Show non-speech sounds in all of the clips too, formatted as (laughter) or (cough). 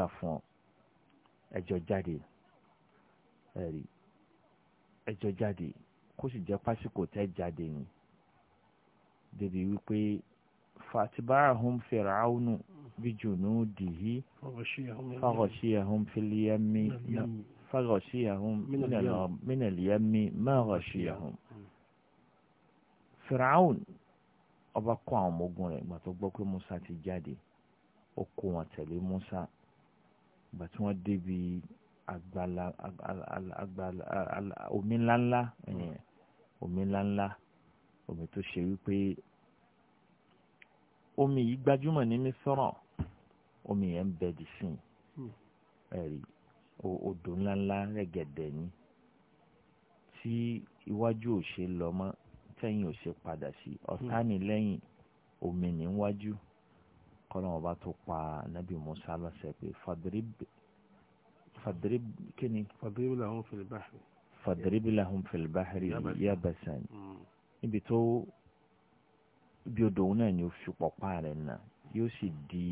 gbà fún ọ ẹjọ jáde ẹrí ẹjọ jáde kó sì jẹ pásíkò tẹ jáde ni débi wípé fatibahum firaunu bijunūdihi faghashiyahum fil yammi faghashiyahum min al yammi ma ghashiyahum firaun ọba kó àwọn ọmọ ogun rẹ̀ gbà tó pé musa ti jáde ó kó wọn tẹ̀lé musa ìgbà tí wọ́n débi àgbàlá àgbàlá omi ńláńlá hmm. omi ńláńlá omi tó ṣe wípé omi yìí gbajúmọ̀ ní mísọ̀rọ̀ omi yẹn ń bẹ di sìn hmm. ẹ̀rí odò ńláńlá rẹ̀gẹ̀dẹ̀ ni tí iwájú ò ṣe lọ mọ́ tẹ́yìn ò ṣe padà sí hmm. ọ̀tá ní lẹ́yìn omi ní wájú. Hmm kọ́nà ọba tó pa nabi musa lọ́sẹ̀ pé fadrib fadrib kíni. fadrib lahum fil bahri. fadrib lahum fil bahri yabasan mm. níbi tó bí odò òun náà ni ó fi pọ̀pá rẹ̀ nà yóò sì di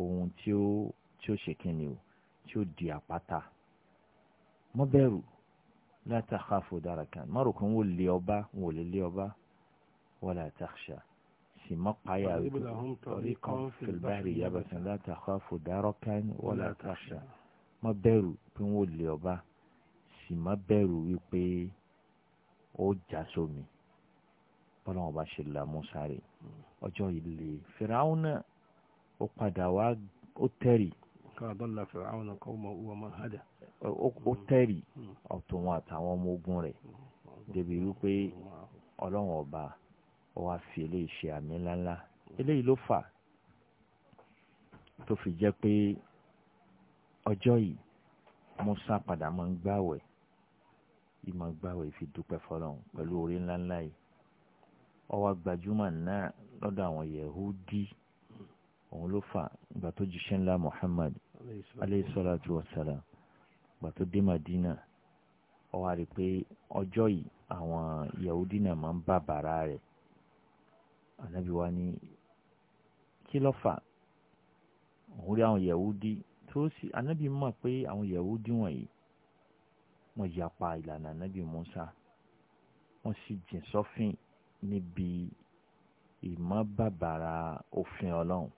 ohun tí ó tí ó ṣe kíni o tí ó di àpáta mọ́ bẹ̀rù la takhafu darakan má rò pé wọ́n lé ọba wọ́n lè lé ọba sì mọ́ páyà wípé orí kan fìlbárì yabasan láti àkọ́fù dárọ́kán wọ́n àtàṣà mọ́ bẹ̀rù pé wọ́n lè ọba sì mọ́ bẹ̀rù wípé ó já sómi bọ́lá wọn bá ṣe la musa rè ọjọ́ ilé fìràwọn náà ó padà wá ó tẹ̀rì. káàdọ́là fìràwọn kọ́ ọmọ òwò máa hàdà. ó tẹ̀rì ọ̀tún àtàwọn ọmọ ogun rẹ̀ débi wípé ọlọ́wọ́n ọba ó wá fi eléyìí ṣe àmì ńláńlá eléyìí ló fà tó fi jẹ́ pé ọjọ́ yìí Musa padà máa ń gbàwẹ̀ yìí máa fi dúpẹ́ fọlọ́run pẹ̀lú orí ńláńlá yìí ó gbajúmọ̀ náà lọ́dọ̀ àwọn Yehudi òun ló fà ìgbà tó jíṣẹ́ ńlá Muhammad aleyhi salatu wa salam ìgbà tó dé Madina ó wá pé ọjọ́ yìí àwọn Yehudi náà máa ń bá bàrà rẹ̀ ànábì wa ní kí ló fà òun rí àwọn yẹ̀wúdí tó sì ànábì mọ̀ pé àwọn yẹ̀wúdí wọ̀nyí wọ́n yapa ìlànà ànábì Musa wọ́n sì jìn sọ́fìn níbi ìmọ̀ bàbàrà òfin ọlọ́run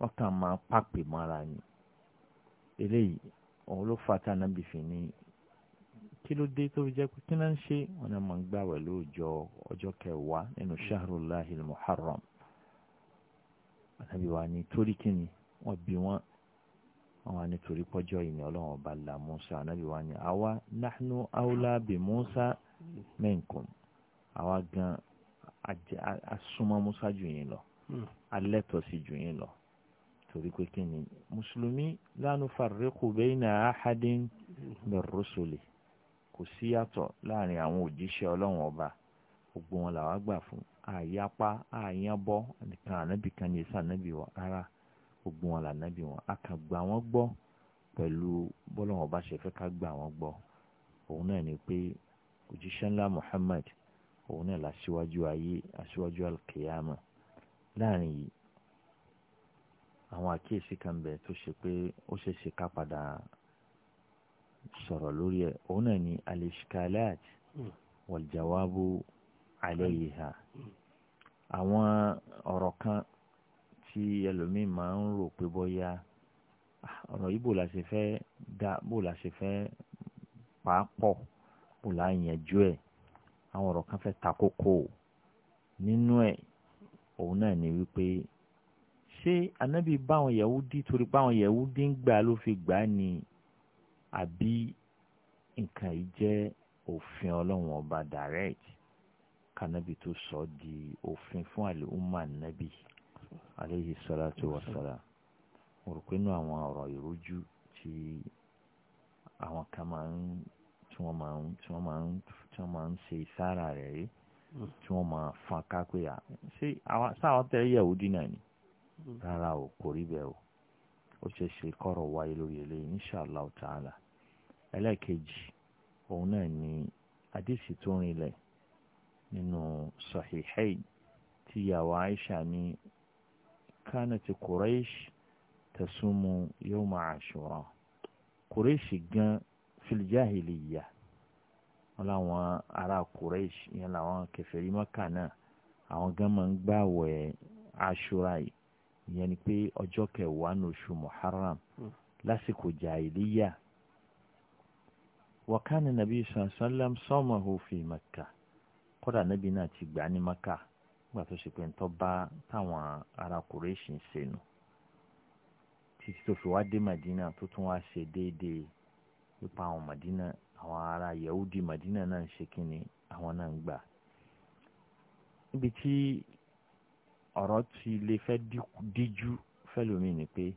wọ́n kàn máa pàpè mọ́ra ni eléyìí òun ló fà tá ànábì fi ní kí ló dé tó fi jẹ́ pé kí náà ń ṣe wọn náà máa ń gbàwẹ̀ lóòjọ́ ọjọ́ kẹwàá nínú shahrulahil muharram àtàbí wa ni torí kí ni wọ́n bí wọ́n àwọn nítorí pọ́jọ́ ìní ọlọ́run ọba la musa ànábì wa ni àwa nahnu awla bi musa minkum àwa gan asúnmọ́ musa jù yín lọ hmm. alẹ́tọ̀ sí jù yín lọ torí pé kí ni mùsùlùmí la nufarriqu bayna ahadin min rusuli kò sí yàtọ̀ láàrin àwọn òjíṣẹ́ ọlọ́run ọba gbogbo wọn làwa gbà fún àyapa àyànbọ nìkan ànábì kan ní ẹsẹ ànábì wọn rárá gbogbo wọn lànábì wọn a kàn gbà wọn gbọ́ pẹ̀lú bọ́lọ́run ọba ṣe fẹ́ ká gbà wọn gbọ́ òun náà ni pé òjíṣẹ́ ńlá Muhammad òun náà làṣíwájú ayé aṣíwájú alkiyama láàrin yìí àwọn àkíyèsí kan bẹ tó ṣe pé ó ṣeé ká padà sọ̀rọ̀ lórí ẹ̀ òun náà ni alishkalat hmm. wàlìjàwábù alayha hmm. Hmm. àwọn ọ̀rọ̀ kan tí ẹlòmíì máa ń rò pé bóyá ah, ọ̀rọ̀ yìí bò la ṣe fẹ́ dá bò la ṣe fẹ́ pàápọ̀ bò la yànjú ẹ̀ àwọn ọ̀rọ̀ kan fẹ́ ta nínú ẹ̀ òun náà ni wípé ṣé anábì báwọn Yahudi torí báwọn Yahudi ń gbà ló fi gbà á ni àbí nǹkan yìí jẹ́ òfin ọlọ́run ọba direct kanabi tó sọ ọ́ di òfin fún àlè umma nabi aleyhi salatu wa salam mo rò pé inú àwọn ọ̀rọ̀ ìrújú tí àwọn kan máa ń tí wọ́n máa ń tí wọ́n máa ń tí wọ́n máa ń ṣe ìsára rẹ̀ rí tí wọ́n máa fọn kápẹ́ à ṣé sáwọn tẹ Yahudi náà ni mm. rárá o kò rí bẹ́ẹ̀ o ó ṣe ṣe kọ́rọ̀ wáyé lórí eléyìí inshallah ta'ala ẹlẹ́ẹ̀kejì òun náà ni àdìsí tó rinlẹ̀ nínú sọ̀hìhẹ́ì tí ìyàwó Aisha ní kánàtì Quraysh tasumu yawma Ashura Quraysh gan filijahiliya wọn làwọn ará Quraysh yẹn làwọn kèfèrí Mákà náà àwọn gan máa ń gbààwẹ̀ Ashura yìí ìyẹn ni pé ọjọ́ kẹwàá ní oṣù Muharram hmm. lásìkò jahiliya. وكان النبي صلى الله عليه وسلم صومه في مكة kódà níbi náà ti gbà ní maka nígbà tó ṣe pé ń tọ́ bá táwọn ará kùrẹ́ṣì ń ṣe nù títí tó fi wá dé madina tó tún wá ṣe déédéé nípa àwọn madina àwọn ará yahudi madina náà ń ṣe kínni àwọn náà ń gbà. níbi tí ọ̀rọ̀ ti lè fẹ́ díjú fẹ́lómi ni pé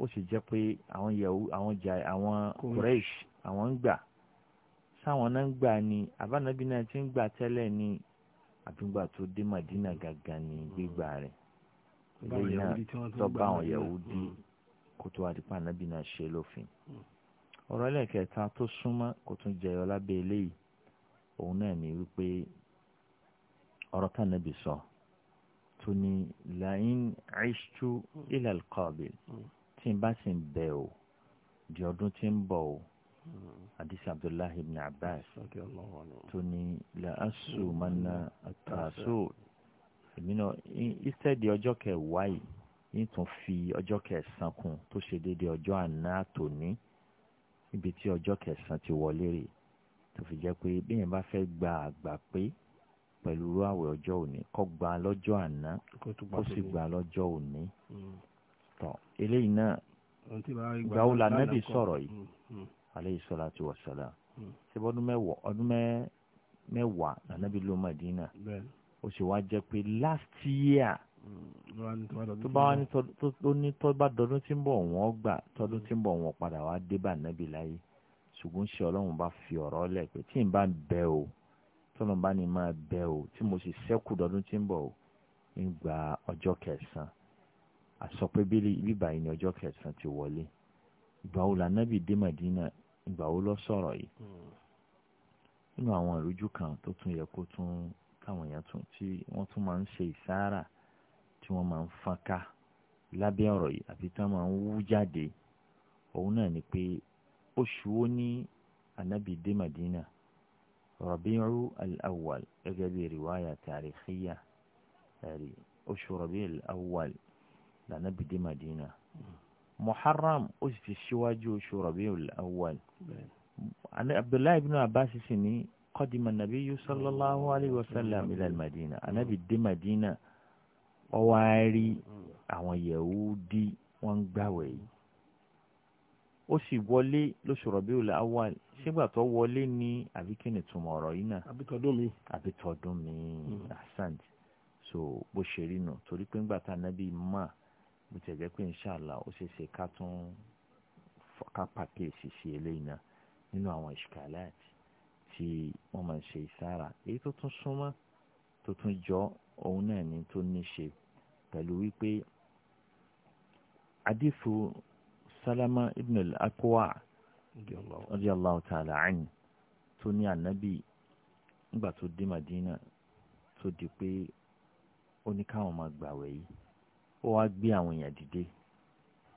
ó sì jẹ́ pé àwọn yahudi àwọn kùrẹ́ṣì àwọn ń gbà sáwọn náà ń gbà ní àbánábí náà ti ń gbà tẹ́lẹ̀ ní àbígbà tó dé Madina gàgà ní gbígbà rẹ̀ eléyìí náà tó àwọn Yahudi hmm. kó tó adìpá ànábì náà ṣe lófin ọ̀rọ̀ ẹlẹ́kẹta tó súnmọ́ kó tún jẹyọ lábẹ́ eléyìí òun náà ní wípé ọ̀rọ̀ tànàbì sọ tó ní la'in aishtu ilal qabil hmm. tí n bá sì ń bẹ̀ o di ọdún tí ń bọ̀ o hadisi abdullahi ibn abbas tó ní làásù mọ́nà àtàásù èmi náà ìsẹ́ẹ̀dì ọjọ́ kẹwàá yìí nítorí fi ọjọ́ kẹsàn-án kún tó ṣe déédéé ọjọ́ àná àtòní níbi tí ọjọ́ kẹsàn-án ti wọlé rè tó fi jẹ́ pé bíyẹn bá fẹ́ gba àgbà pé pẹ̀lú àwẹ̀ ọjọ́ òní kó gba lọ́jọ́ àná kó sì gba lọ́jọ́ òní mm. tán eléyìí náà gbàwó la nábì sọ̀rọ̀ yìí. Mm, mm aleyhi salatu wa salam síbi ọdún mẹ́wàá ọdún mẹ́wàá nànàbí ló Madina ó sì wá jẹ́ pé last year mm, tó bá wá ní tó ní tó bá dọdún tí ń bọ̀ wọ́n gbà tọdún tí ń bọ̀ wọ́n padà wá dé bá nàbí láyé ṣùgbọ́n ṣe ọlọ́run bá fi ọ̀rọ̀ lẹ̀ pé tí n bá bẹ o tọ́nà bá ní máa bẹ o tí mo sì sẹ́kù dọdún tí ń bọ̀ o ń gba ọjọ́ kẹsàn-án àsọpẹ́ bíbá yìí ní ọjọ́ kẹsàn-án ti wọlé ìgbà wo lànàbí dé Madina ìgbà wo lọ sọ̀rọ̀ yìí hmm. nínú àwọn ìrújú kan tó tún yẹ kó tún káwọn èèyàn tún tí wọ́n tún máa ń ṣe ìsáárà tí wọ́n máa ń fọ́nká lábẹ́ ọ̀rọ̀ yìí àbí tí wọ́n máa ń wú jáde òun náà ni pé oṣù wo ní anabi dé Madina rọ̀bíru al-awwal gẹ́gẹ́ bí riwaya tàríkìyà ẹ̀rí oṣù rọ̀bíru al-awwal lànàbì dé Madina muharram ó sì ti ṣíwájú oṣù rabiul awwal abdullahi ibn abbas sì ní qadima nabiyyu sallallahu alayhi wa sallam ila madina anabi dé madina ó wá rí àwọn yahudi wọ́n ń gbàwẹ̀ yìí ó sì wọlé lóṣù rabiul awwal ṣégbà tó wọlé ní àbíkínì túmọ̀ ọ̀rọ̀ yìí náà àbítọ́dún mi àbítọ́dún mi hmm. asante so bó ṣe rí nù torí pé ńgbà tá a máa bó tiẹ̀ jẹ́ pé inṣàlá ó ṣeé ṣe ká tún ká pàkíyèsí sí eléyìí náà nínú àwọn ìṣkàláàtì tí wọ́n máa ń ṣe ìsára èyí tó tún súnmọ́ tó tún jọ òun náà ni tó ní ṣe pẹ̀lú wípé adífu sálámà ibn al-akwa radiyallahu ta'ala anhu tó ní ànábì nígbà tó dé madina tó di pé ó ní káwọn máa gbàwẹ̀ yìí ó wá gbé àwọn èèyàn dìde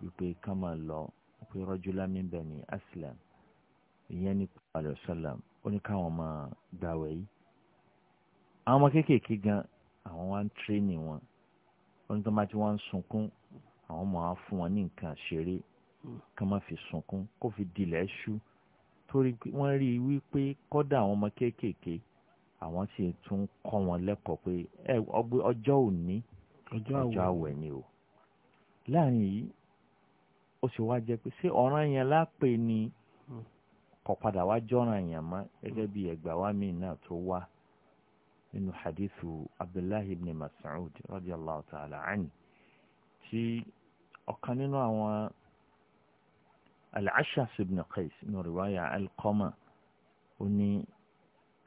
wípé ká máa lọ pé rọ́júlá mi bẹ̀ ní aslam ìyẹn ní pàlọ́ sọ́làm ó ní káwọn máa gbàwẹ̀ yìí. àwọn ọmọ kéékèèké gan àwọn wá ń tírénì wọn ó ní tó máa ti wá ń sunkún àwọn máa fún wọn ní nǹkan ṣeré ká má fi sunkún kó fi dilẹ̀ ṣú torí wọ́n rí i wípé kọ́dà àwọn ọmọ kéékèèké àwọn sì tún kọ́ wọn lẹ́kọ̀ọ́ pé ọjọ́ òní ọjọ́ àwẹ̀ ni o láàrin yìí ó sì wá jẹ pé ṣé ọ̀ràn yẹn lápè ni hmm. kò padà wá jọ́ràn yẹn mọ́ gẹ́gẹ́ bí ẹgbà wa mi náà tó wá nínú hadithu abdullahi ibn mas'ud radiyallahu ta'ala anhu tí ọ̀kan nínú àwọn al-ashas ibn qais nínú riwaya al ó ní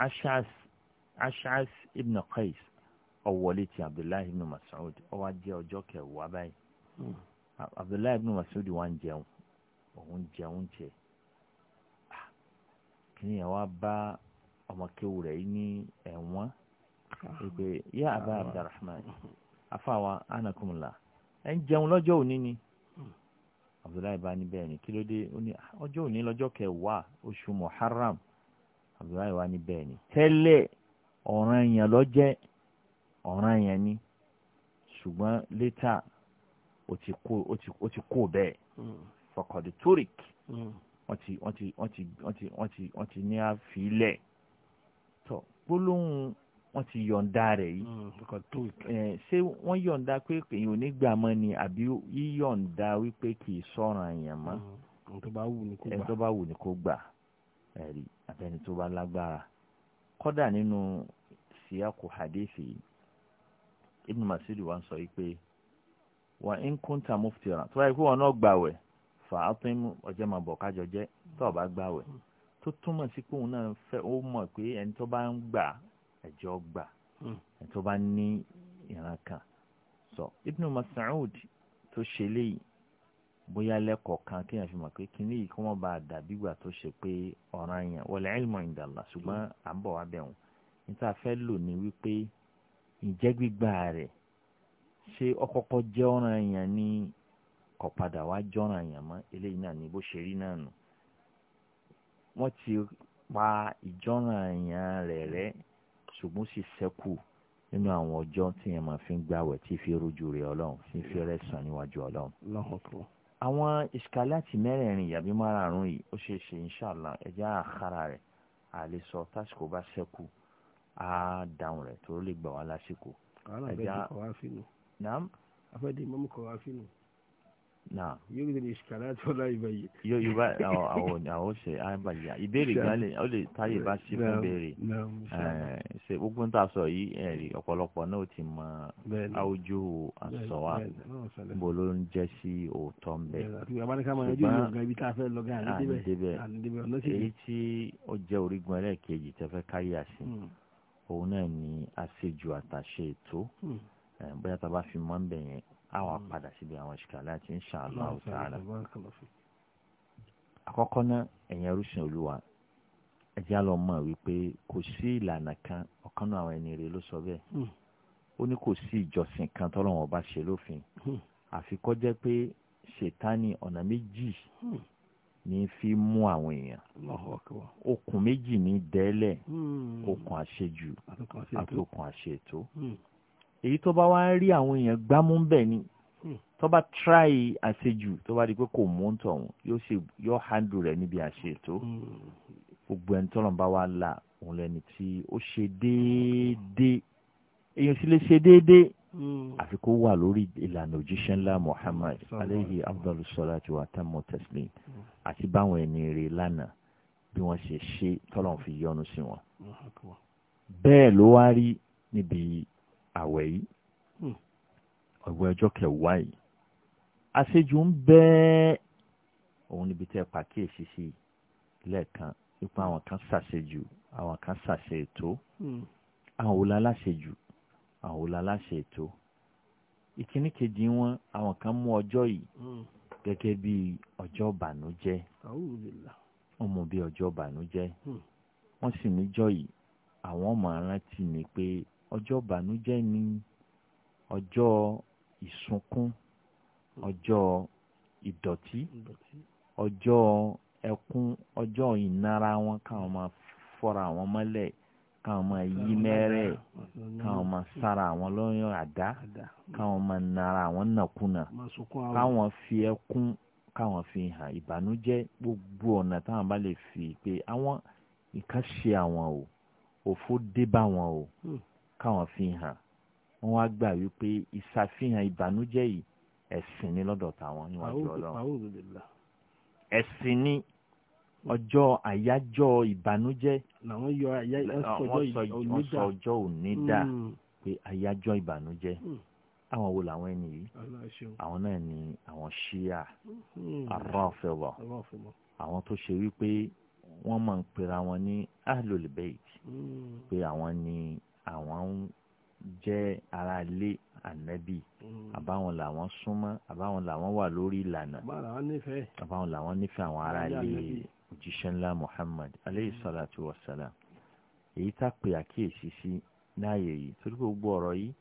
ashas ashas ibn qais ọwọlé ti abdullahi ibn masoud ó wá jẹ ọjọ́ kẹwàá báyìí hmm. abdullahi ibn masoud wá ń jẹun òun jẹun jẹ ah, kìnìyàn wá bá ọmọ kéwù rẹ̀ yìí ní ẹ̀wọ̀n ìpè ah. yá abba ah. abdulrahman afáwa anakumla ẹ ń jẹun lọ́jọ́ òní ni hmm. abdullahi bá ní bẹ́ẹ̀ ni kí ló dé ó òní lọ́jọ́ kẹwàá oṣù muharram abdullahi wá ní bẹ́ẹ̀ ni tẹ́lẹ̀ ọ̀ranyàn ló jẹ́ ọ̀ràn yẹn ni ṣùgbọ́n létà ó ti kó ó ti ó ti kó bẹ́ẹ̀ hmm. fọkàdé toric hmm. wọ́n ti wọ́n ti wọ́n ti wọ́n ti wọ́n ti wọ́n ti ní àfilẹ̀ tọ́ gbólóhùn wọ́n ti yọ̀ǹda rẹ̀ yìí hmm, ṣé wọ́n yọ̀ǹda pé èèyàn ò ní gbà mọ́ ni àbí yíyọ̀ǹda wípé kì í sọ̀ràn èèyàn mọ́ ẹni tó bá wù ní kó gbà ẹ̀rí tó bá lágbára kọ́dà nínú síyàkù hadithi yìí ibn masiri wa sọ yìí pé wà ń kúńtà tó báyìí pé wọn náà gbàwẹ̀ fàátún ọjọ́ máa bọ kájọ jẹ́ tó o bá gbàwẹ̀ tó túmọ̀ sí pé òun náà fẹ́ ó mọ̀ pé ẹni tó bá ń gbà ẹjọ́ gbà ẹni tó bá ní ìran kan sọ ibn tó ṣe bóyá lẹ́kọ̀ọ́ kan kéèyàn fi mọ̀ pé yìí kó bá a dàbí ìgbà tó ṣe pé ọ̀ràn yẹn ǹjẹ́ gbígbà rẹ̀ ṣé ọkọ̀kọ́ jẹ́ ọ̀ràn èèyàn ní kọ̀padà wá jọ́ràn èèyàn mọ́ eléyìí náà ní bó ṣe rí náà nù wọ́n ti pa ìjọ́ràn èèyàn rẹ̀ rẹ́ ṣùgbọ́n sì ṣẹ́kù nínú àwọn ọjọ́ tí yẹn máa fi ń gbàwẹ̀ tí fi rújú rẹ̀ ọlọ́run tí fi rẹ̀ sàn níwájú ọlọ́run. àwọn ìṣkàláàtì mẹ́rẹ̀ẹ̀rin yàbí márààrún yìí ó ṣeé ṣe inṣàlá ẹ̀jẹ̀ àkàrà rẹ̀ àlesọ tásìkò bá ṣẹ́kù á dáhùn rẹ̀ tó lè gbà wá lásìkò. wàhálà bẹ́ẹ̀ ti kọ̀ wá fínú. naam. afẹ́dé mọ́mú kọ̀ wá fínú. naam. yóò gbé ní ìṣìkàlá àti ọ̀la ìbá yìí. yóò yóò bá àwọn àwọn ṣe àìbá yìí ìbéèrè gan ó lè táyè bá sí fún béèrè. ṣe gbogbo ń tà sọ yìí ẹ̀rí ọ̀pọ̀lọpọ̀ náà ti mọ àwùjọ àsọwà bó ló ń jẹ́ sí òótọ́ ń bẹ̀. ṣùgbọ́n ànídébẹ̀ èyí tí ó jẹ́ orígun ẹlẹ́ẹ̀kejì tẹ́fẹ́ káyà sí. Hmm òun náà ni àṣejù àtàṣe ètò hmm. bóyá tá a bá fi mọ́ ń bẹ̀ yẹn á wà hmm. padà síbi àwọn ìṣìkàlẹ̀ àti insha Allah ta'ala. àkọ́kọ́ náà ẹ̀yin arúsìn olúwa ẹ̀jẹ̀ á lọ mọ̀ wípé kò sí ìlànà kan ọ̀kan náà àwọn ẹni rẹ̀ ló sọ bẹ́ẹ̀ hmm. ó ní kò sí ìjọsìn kan tọ́lọ́run ọba ṣe lófin àfi jẹ́ pé ṣètánì ọ̀nà méjì ní fi mú àwọn èèyàn okùn méjì ní dẹ́lẹ̀ hmm. okùn àṣejù àti okùn àṣetò hmm. èyí tó bá wá rí àwọn èèyàn gbámú bẹ́ẹ̀ ni hmm. tó bá tíráì àṣejù tó bá di pé kò mú tọ̀hún yóò ṣe yóò handù rẹ̀ níbi àṣetò gbogbo ẹni tọ́lọ̀ bá wá là òun lẹ́ni tí ó ṣe déédéé èèyàn sì lè ṣe déédéé Hmm. àfi kó wà lórí ìlànà òjíṣẹ́ ńlá Muhammad aleyhi abdul salatu wa tamu taslim hmm. àti báwọn ẹni rè lánàá bí wọ́n ṣe ṣe tọ́lọ̀ fi yọ́nú sí wọn. bẹ́ẹ̀ ló wá rí níbi àwẹ̀ yìí hmm. ọ̀gbẹ́ ọjọ́ kẹwàá yìí àṣejù ń bẹ́ẹ̀ òun níbi tẹ́ pàkíyèsí sí lẹ́ẹ̀kan nípa àwọn kan ṣàṣejù àwọn kan ṣàṣe ètò àwọn wo láṣejù àwọn olùaláṣẹ ètò ìkíní kejì wọn àwọn kan mú ọjọ́ yìí hmm. gẹ́gẹ́ bí ọjọ́ ìbànújẹ́ wọ́n mú bí ọjọ́ ìbànújẹ́ hmm. wọ́n sì níjọ́ yìí àwọn ọmọ arántí ni pé ọjọ́ ìbànújẹ́ ni ọjọ́ ìsunkún hmm. ọjọ́ ìdọ̀tí ọjọ́ ẹkún ọjọ́ ìnara wọn káwọn máa fọ́ra wọn mọ́lẹ̀ káwọn máa yí mẹ́rẹ̀ káwọn máa sára àwọn lọ́yọ̀ àdá káwọn máa nara àwọn nàkúnà káwọn fi ẹkún káwọn fi hàn ìbànújẹ́ gbogbo ọ̀nà táwọn bá lè fi pé àwọn nǹkan ṣe àwọn o òfò dé bá wọn o hmm. káwọn fi hàn wọn wá gbà wípé ìsàfihàn ìbànújẹ́ yìí ẹ̀sìn ni lọ́dọ̀ tàwọn níwájú ọlọ́run ẹ̀sìn ni ọjọ́ àyájọ́ ìbànújẹ́ làwọn yọ ọjọ́ ọjọ́ òní dà hmm. pé àyájọ́ ìbànújẹ́ àwọn hmm. wo làwọn ẹni yìí àwọn náà ni àwọn shia àràfẹwà hmm. àwọn tó ṣe wípé wọ́n máa ń pera wọn ní ahlul bayt pé àwọn ni àwọn ń jẹ́ ara ilé ànábì àbáwọn làwọn súnmọ́ àbáwọn làwọn wà lórí ìlànà àbáwọn làwọn nífẹ̀ẹ́ àwọn ará ilé òjíṣẹ́ ńlá Muhammad aleyhi hmm. salatu wa salam èyí tá pè àkíyèsí sí láàyè yìí torí gbogbo ọ̀rọ̀ yìí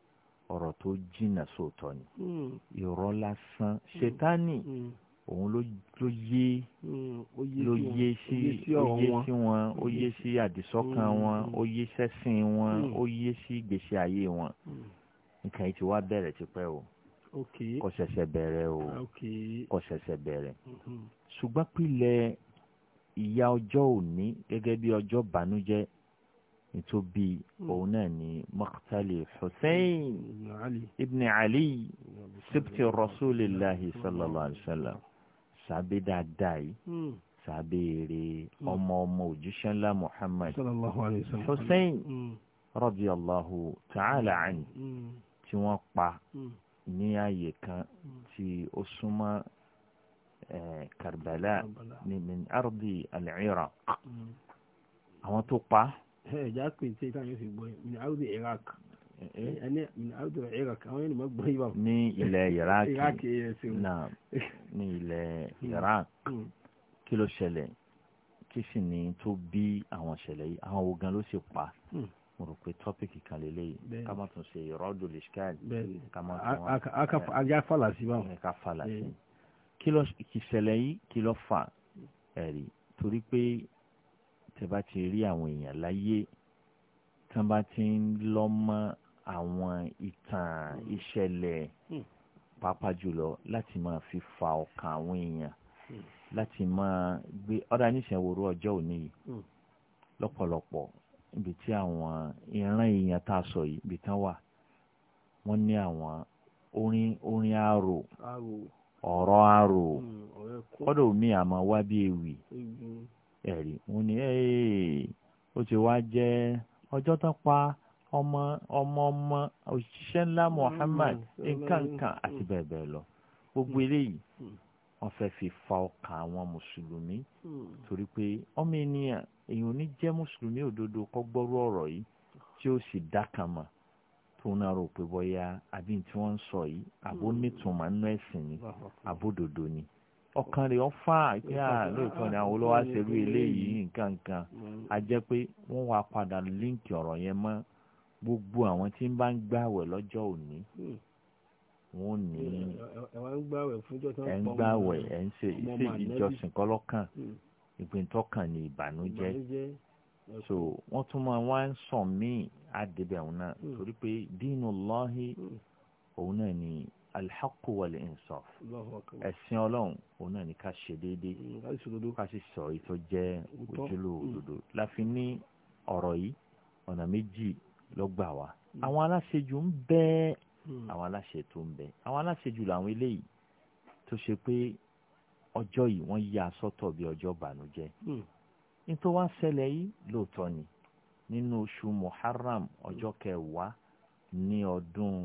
ọ̀rọ̀ tó jìnnà sóòtọ́ ni irọ́ hmm. lásán hmm. ṣètánì òun ló yé ló yé sí ó yé sí wọn ó yé sí àdìsọ́kàn wọn ó yé sẹ́sìn wọn ó yé sí ìgbésí ayé wọn nǹkan yìí ti wá bẹ̀rẹ̀ tipẹ́ o kò bẹ̀rẹ̀ o kò bẹ̀rẹ̀ ṣùgbọ́n pílẹ̀ ìyà ọjọ́ òní gẹ́gẹ́ bí ọjọ́ bànújẹ́ nítorí hmm. òun náà ni mọ́kítàlì hussein hmm. ibn ali sibti rasulillahi sallallahu alayhi wa sallam sàbẹ̀ dáadáa yìí hmm. sàbẹ̀rẹ̀ ọmọ ọmọ òjíṣẹ́ ńlá muhammad hussein radiyallahu ta'ala anhu tí wọ́n pa ní ààyè kan tí ó súnmọ́ Karbala ní min ardi al-Iraq mm. àwọn tó pa. ẹ̀já pè ṣe táwọn yóò fi gbọ́ min ardi Iraq ẹni min ardi Iraq àwọn yóò máa gbọ́ yìí bá. ní ilẹ̀ Iraq náà ní ilẹ̀ (laughs) mm. Iraq mm. kí ló ṣẹlẹ̀ kí sì ni tó bí àwọn ṣẹlẹ̀ yìí àwọn ogan ló sì pa mo rò pé tọ́pìkì kan lélẹ́yìí ká má tún ṣe ìrọ́dùn lè ṣkáàdì ká má tún wọn. a ká falà sí báwọn. ká falà sí kí ló ìṣẹ̀lẹ̀ yìí kí ló fà ẹ̀rí torí pé tẹ́ bá ti rí àwọn èèyàn láyé tán bá ti ń lọ́ mọ́ àwọn ìtàn ìṣẹ̀lẹ̀ hmm. pàápàá jùlọ láti máa fi fa ọkàn àwọn èèyàn hmm. láti máa gbé ọ̀dà níṣẹ́ ọjọ́ òní yìí hmm. lọ́pọ̀lọpọ̀ ibi tí àwọn ìran èèyàn tá a sọ yìí ibi tán wà wọ́n ní àwọn orin orin arò ọ̀rọ̀ arò hmm, kọ́dọ̀ mi àmọ́ wá bí ewì ẹ̀rí wọn ni ó ti wá jẹ́ ọjọ́ tó pa ọmọ ọmọ ọmọ òṣìṣẹ́ ńlá hmm, Muhammad nkankan àti bẹ́ẹ̀ bẹ́ẹ̀ lọ gbogbo hmm, eléyìí wọ́n fẹ́ fi fa ọkàn àwọn mùsùlùmí torí pé ọmọ ènìyàn èèyàn ò ní jẹ́ mùsùlùmí òdodo kó gbọ́rú ọ̀rọ̀ yìí tí ó sì dákan Kuna náà rò pé bọ́yá àbí tí wọ́n ń sọ yìí àbó hmm. nítumọ̀ nínú ẹ̀sìn ni àbódòdó ni ọkàn rẹ̀ wọ́n fà á pé à lóòótọ́ ni àwọn olówó aṣèlú eléyìí nǹkan kan hmm. a jẹ́ pé wọ́n wá padà líǹkì ọ̀rọ̀ yẹn mọ́ gbogbo àwọn tí ń bá ń gbàwẹ̀ lọ́jọ́ òní hmm. wọn ní ẹ ń gbàwẹ̀ ẹ ń ṣe ìṣèjì ìjọsìn kọ́lọ́kàn ìpíntọ́kàn ni ìbànújẹ́ so wọ́n tún máa wá ń sàn míì àdébẹ̀ òun náà hmm. torí pé dínú lọ́hí hmm. òun náà ni alḥaqu wal insaf ẹ̀sìn ọlọ́run òun náà ni ká ṣe déédéé hmm, ká sì sọ ètò jẹ́ ojúlówó òdodo láfi ní ọ̀rọ̀ yìí ọ̀nà méjì ló gbà wá àwọn aláṣejù ń bẹ àwọn aláṣẹ tó ń bẹ àwọn aláṣejù làwọn eléyìí tó ṣe pé ọjọ́ yìí wọ́n yà sọ́tọ̀ bí ọjọ́ bànújẹ́ nítorí wá ṣẹlẹ̀ yìí lóòótọ́ ni nínú oṣù muharram ọjọ́ kẹwàá ní ọdún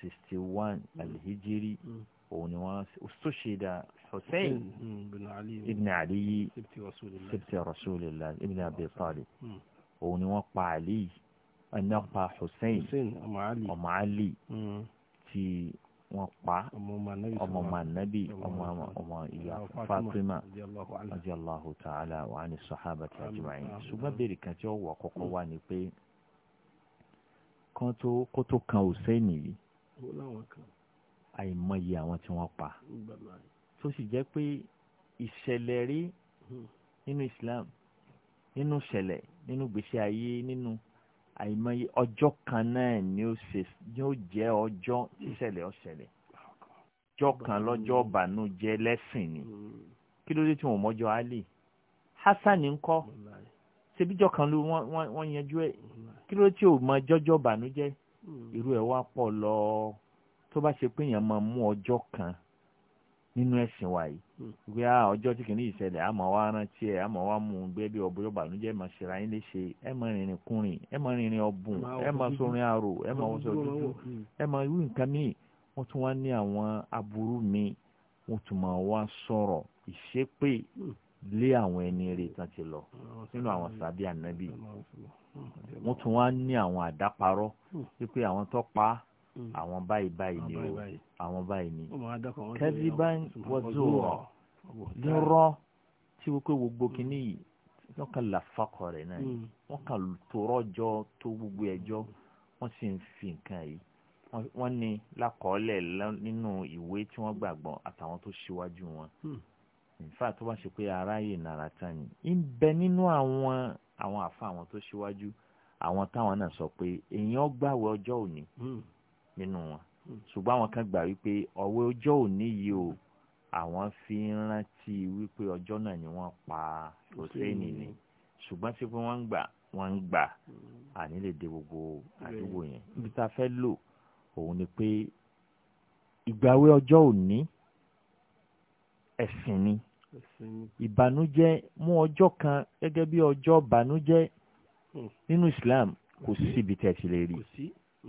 sixty one mm. alhijiri mm. òun ni wọ́n ṣòṣèdá hussein mm. ibn aliyi sibti rasulillah ibn abi talib òun ni wọ́n pa ali ẹni wọ́n pa hussein ọmọ ali ti wọ́n pa ọmọ manabi ọmọ ìyá fatima radiyallahu ta'ala wa ani sahabati ajma'in ṣùgbọ́n béèrè kan tí ó wọ̀ kọ́kọ́ wà ní pé kan tó kó tó kan Hussein yìí àìmọye àwọn tí wọ́n pa tó sì jẹ́ pé ìṣẹ̀lẹ̀ rí hmm. nínú Islam nínú ṣẹlẹ̀ nínú gbèsè ayé nínú. àìmọye ọjọ́ kan náà ni ó ṣe ni ó jẹ́ ọjọ́ tíṣẹ̀lẹ̀ ọjọ́ kan lọ́jọ́ hmm. ọ̀bànújẹ́ lẹ́sìn ni hmm. kí ló dé tí wọ́n mọ́jọ́ ali hasani ńkọ́ ṣebíjọ́ kan ló wọ́n yanjú ẹ̀ kí ló tí mọ jọ́jọ́ ọ̀bànújẹ́ hmm. irú ẹ̀ wá lọ tó bá ṣe pé èèyàn kan nínú ẹ̀sìn gbé a ọjọ́ tí kìíní ìṣẹ̀lẹ̀ àmọ́ wa rántí ẹ̀ àmọ́ wa mú un gbé bí ọbọ̀ yóò bànújẹ́ máa ṣe ra yín léṣe ẹ máa rìnrìn kùnrin ẹ máa rìnrìn ọ̀bùn ẹ máa sorin àrò ẹ máa wọṣọ dúdú ẹ máa wí nǹkan míì wọ́n tún wá ní àwọn aburú mi wọ́n tún máa wá sọ̀rọ̀ ìṣépè lé àwọn ẹni rè tán ti lọ nínú àwọn sàbí ànábì wọ́n tún wá ní àwọn àdáparọ́ hmm. wípé àwọn tó pa á Hmm. àwọn báyìí báyìí ni o àwọn báyìí ni kẹ́síbá wọ́tò rọ̀ nírọ́ tí wọ́n pé gbogbo kínní yìí wọ́n kà láfàkọ̀ rẹ̀ náà hmm. wọ́n kà tòrọ́ jọ tó gbogbo ẹjọ́ wọ́n sì ń fi nǹkan yìí wọ́n ní lákọọ́lẹ̀ nínú ìwé tí wọ́n gbàgbọ́ àtàwọn tó ṣíwájú wọn hmm. nfa tó bá ṣe pé aráyè nàrà tán ni ń nínú àwọn àwọn àfa àwọn tó ṣíwájú àwọn táwọn náà sọ pé èèyàn gbàwé ọjọ́ òní nínú wọn hmm. ṣùgbọ́n àwọn kan gbà wípé ọ̀wẹ́ ọjọ́ òní yìí o àwọn fi ń rántí wípé ọjọ́ náà ni wọ́n pa Hussein ni hmm. ṣùgbọ́n tí wọ́n ń gbà wọ́n ń gbà hmm. àní lè dé gbogbo àdúgbò yẹn níbi tá a fẹ́ lò òun ni pé ìgbàwé ọjọ́ òní ẹ̀sìn ni ìbànújẹ́ mú ọjọ́ kan gẹ́gẹ́ bí ọjọ́ ìbànújẹ́ nínú Islam kò síbi tẹ̀ ti lè rí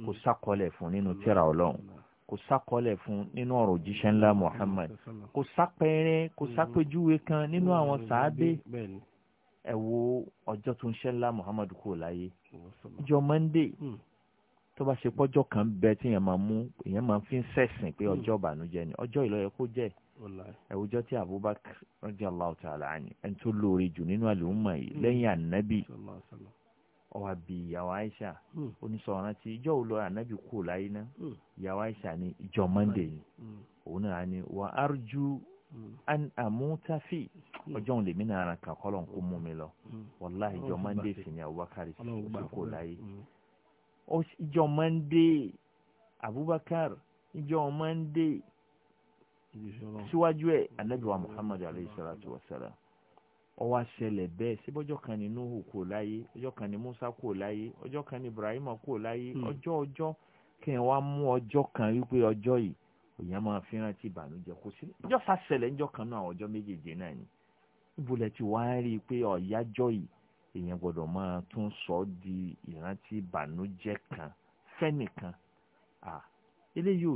kò sákọlẹ̀ fún nínú mm. tírà ọlọ́run kò sákọlẹ̀ fún nínú ọ̀rọ̀ jíṣẹ́ ńlá mm. muhammad mm. kò sápẹ́rẹ́ kò sápẹ́júwe kan nínú àwọn sàábé ẹ wo ọjọ́ tó ń ṣẹ́ ńlá muhammad kò láyé ọjọ́ monday tó bá ṣe pọ́jọ́ kan bẹ tí èèyàn máa mú èèyàn máa fi ń sẹ̀sìn pé ọjọ́ ìbànújẹ́ ni ọjọ́ ìlọ́yẹ kó jẹ́ ẹ̀wùjọ́ tí abubakar radiyallahu ta'ala anhu ẹni tó lóore jù nínú àlùmọ̀ yìí lẹ́yìn ànábì ọwà bí ìyàwó Aisha oníṣọ̀ràn hmm. tí ìjọ òun lọ ànábì kú láyé ná hmm. ìyàwó Aisha ní ìjọ Monday ni hmm. òun náà ni wà arju an amúntàfì ọjọ́ òun lèmi náà kà kọ́ lọ́n kó mú mi lọ wàláhì ìjọ Monday sì ni Abubakar sì kú láyé ìjọ Monday Abubakar ìjọ Monday síwájú ẹ̀ ànábì wa Muhammadu alayhi salatu wa salam. ọwọ́ àṣẹlẹ̀ bẹ́ẹ̀ síbọ́jọ́ kan ni Nuhu kò láyé ọjọ́ kan ni Musa kò láyé ọjọ́ kan ni Ibrahim kò láyé hmm. ọjọ́ ọjọ́ kẹ́hìn wá mú ọjọ́ kan wípé ọjọ́ yìí òyìn máa fi rántí ìbànújẹ́ kó sí ọjọ́ sàṣẹlẹ̀ ńjọ́ kan náà ọjọ́ méjèèjì náà ni ti wá rí i pé ọ̀yájọ́ yìí èèyàn gbọ́dọ̀ máa tún sọ ọ́ di ìrántí kan fẹ́nìkan eléyìí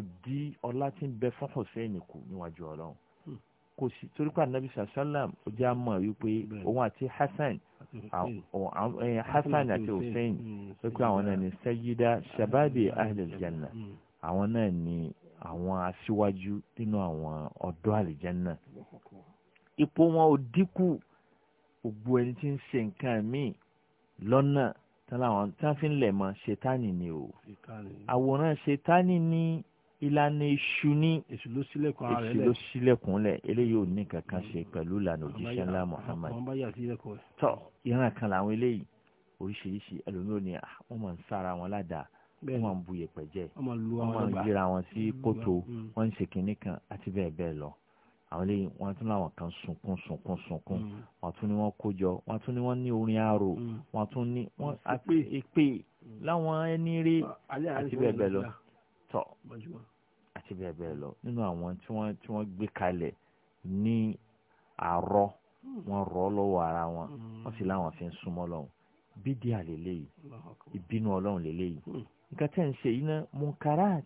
ò kò sí torí pé anabi sàlám ó jẹ́ àmọ́ wípé òun àti hasan eh, hasan àti hussein wípé hmm, àwọn náà ní sayyida shababi ahlil hmm. janna àwọn náà ní àwọn aṣíwájú nínú àwọn ọ̀dọ́ àlìjanna ipò wọn ò dínkù gbogbo ẹni tí ń ṣe nǹkan míì lọ́nà tí wọ́n fi ń lẹ̀ mọ́ ṣetánì ni o àwòrán ṣetánì ni ìlànà èṣù ní èṣù ló sílẹ̀kùn ara rẹ̀ èṣù ló sílẹ̀kùn lẹ̀ eléyìí ò ní kankan ṣe pẹ̀lú ìlànà òjíṣẹ́ ńlá Muhammad tọ́ ìran kan làwọn eléyìí oríṣiríṣi ẹlòmíràn ni wọ́n máa ń sára wọn ládàá wọ́n máa ń bu yẹ̀pẹ̀ jẹ́ wọ́n máa ń yíra wọn sí mm, kòtò mm. wọ́n ń ṣe kinní kan àti bẹ́ẹ̀ bẹ́ẹ̀ lọ àwọn eléyìí wọ́n tún láwọn kan sunkún sunkún sunkún mm. wọ́n tún ní wọ́n kójọ wọ́n tún ní wọ́n ní orin arò wọ́n tún ní wọ́n àpè láwọn ẹni rí àti bẹ́ẹ̀ bẹ́ẹ̀ lọ tọ̀ àti bẹ́ẹ̀ bẹ́ẹ̀ lọ nínú àwọn tí wọ́n tí wọ́n gbé kalẹ̀ ní àárọ̀ wọ́n rọ̀ lọ́wọ́ ara wọn wọ́n sì láwọn fi ń súnmọ́ lọ́hùn bídí àlélẹ́yìí ìbínú ọlọ́run lélẹ́yìí hmm. nǹkan tẹ́ ń ṣe yìí ná munkarat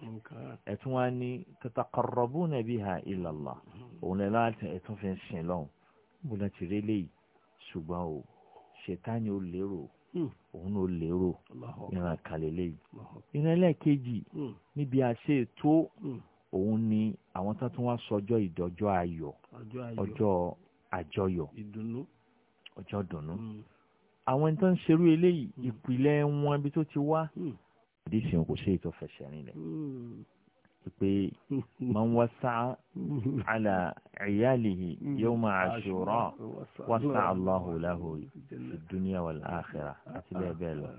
ẹ̀tún wa ní tataqarrabuna biha ila Allah hmm. òun lẹ́ láti ẹ̀tún fi ń sìn lọ́hùn bó náà ti rélẹ́yìí ṣùgbọ́n o ṣètá ni ó lérò Hmm. òun ò lérò ìran kan lélẹ́yìí ìran ẹlẹ́ẹ̀kejì hmm. níbi àṣẹ ètò hmm. òun ni àwọn tó tún wá sọjọ́ ìdọ́jọ́ ayọ̀ ọjọ́ àjọyọ̀ ọjọ́ dùnú àwọn ẹni tó ń ṣerú eléyìí ìpìlẹ̀ wọn ibi tó ti wá àdéhùn kò ṣe ètò fẹsẹ̀ rìn lẹ̀ pé man wasa ala iyalihi yawma ashura wasa allahu lahu dunya wal akhirah àti bẹ́ẹ̀ bẹ́ẹ̀ lọ